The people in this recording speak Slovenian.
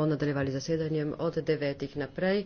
bomo nadaljevali zasedanjem od devetih naprej.